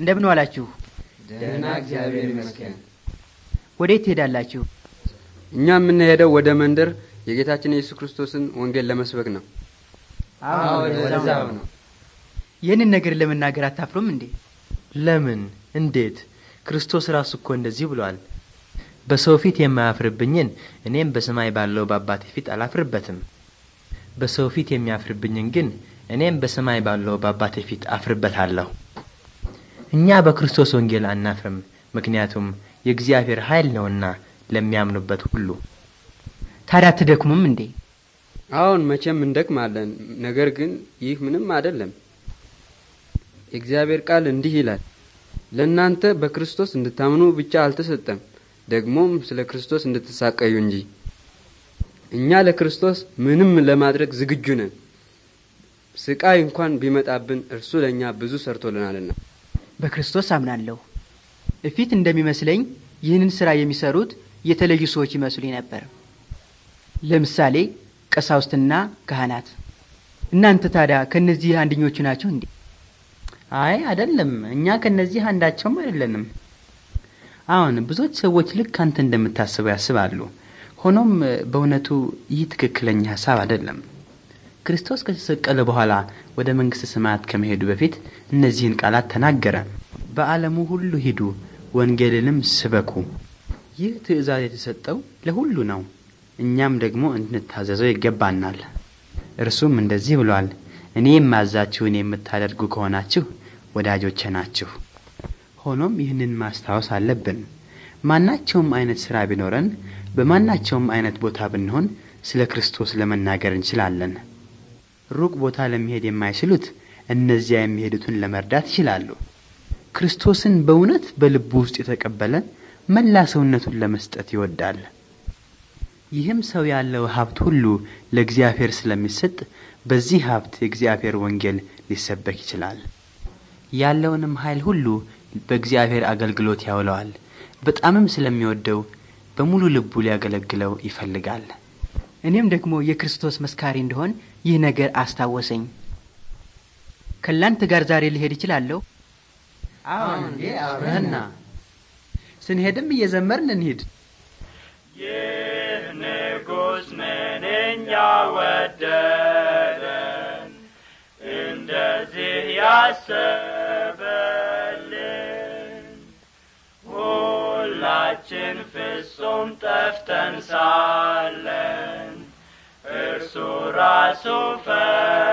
እንደምን ዋላችሁ? ደህና እግዚአብሔር ይመስገን። ወዴት ትሄዳላችሁ? እኛ የምንሄደው ወደ መንደር የጌታችን የኢየሱስ ክርስቶስን ወንጌል ለመስበክ ነው። አዎ ነው። ይህንን ነገር ለመናገር አታፍሩም እንዴ? ለምን? እንዴት? ክርስቶስ ራሱ እኮ እንደዚህ ብሏል፣ በሰው ፊት የማያፍርብኝን እኔም በሰማይ ባለው በአባቴ ፊት አላፍርበትም። በሰው ፊት የሚያፍርብኝን ግን እኔም በሰማይ ባለው በአባቴ ፊት አፍርበታለሁ። እኛ በክርስቶስ ወንጌል አናፍርም፣ ምክንያቱም የእግዚአብሔር ኃይል ነውና ለሚያምኑበት ሁሉ። ታዲያ አትደክሙም እንዴ? አሁን መቼም እንደክማለን። ነገር ግን ይህ ምንም አይደለም። የእግዚአብሔር ቃል እንዲህ ይላል፣ ለእናንተ በክርስቶስ እንድታምኑ ብቻ አልተሰጠም፣ ደግሞም ስለ ክርስቶስ እንድትሳቀዩ እንጂ። እኛ ለክርስቶስ ምንም ለማድረግ ዝግጁ ነን። ስቃይ እንኳን ቢመጣብን እርሱ ለእኛ ብዙ ሰርቶልናልና። በክርስቶስ አምናለሁ። እፊት እንደሚመስለኝ ይህንን ስራ የሚሰሩት የተለዩ ሰዎች ይመስሉኝ ነበር። ለምሳሌ ቀሳውስትና ካህናት። እናንተ ታዲያ ከነዚህ አንደኞቹ ናቸው እንዴ? አይ አይደለም፣ እኛ ከነዚህ አንዳቸውም አይደለንም። አሁን ብዙዎች ሰዎች ልክ አንተ እንደምታስበው ያስባሉ። ሆኖም በእውነቱ ይህ ትክክለኛ ሀሳብ አይደለም። ክርስቶስ ከተሰቀለ በኋላ ወደ መንግሥተ ሰማያት ከመሄዱ በፊት እነዚህን ቃላት ተናገረ። በዓለሙ ሁሉ ሂዱ፣ ወንጌልንም ስበኩ። ይህ ትእዛዝ የተሰጠው ለሁሉ ነው። እኛም ደግሞ እንድንታዘዘው ይገባናል። እርሱም እንደዚህ ብሏል፣ እኔ የማዛችሁን የምታደርጉ ከሆናችሁ ወዳጆቼ ናችሁ። ሆኖም ይህንን ማስታወስ አለብን። ማናቸውም አይነት ሥራ ቢኖረን፣ በማናቸውም አይነት ቦታ ብንሆን ስለ ክርስቶስ ለመናገር እንችላለን። ሩቅ ቦታ ለመሄድ የማይችሉት እነዚያ የሚሄዱትን ለመርዳት ይችላሉ። ክርስቶስን በእውነት በልቡ ውስጥ የተቀበለ መላ ሰውነቱን ለመስጠት ይወዳል። ይህም ሰው ያለው ሀብት ሁሉ ለእግዚአብሔር ስለሚሰጥ በዚህ ሀብት የእግዚአብሔር ወንጌል ሊሰበክ ይችላል። ያለውንም ኃይል ሁሉ በእግዚአብሔር አገልግሎት ያውለዋል። በጣምም ስለሚወደው በሙሉ ልቡ ሊያገለግለው ይፈልጋል። እኔም ደግሞ የክርስቶስ መስካሪ እንደሆን ይህ ነገር አስታወሰኝ። ከላንተ ጋር ዛሬ ልሄድ እችላለሁ? አሁን እንዴ አብረህና ስንሄድም እየዘመርን እንሂድ። ይህ ንጉሥ ምንኛ ወደደን እንደዚህ ያሰበልን። ሁላችን ፍጹም ጠፍተን ሳለን እርሱ ራሱ ፈለገን።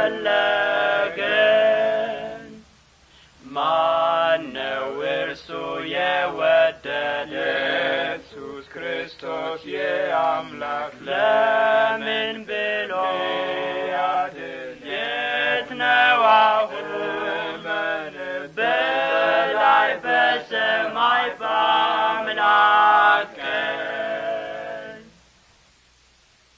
ማነው እርሱ የወደደ? ኢየሱስ ክርስቶስ የአምላክ ለምን ብሎ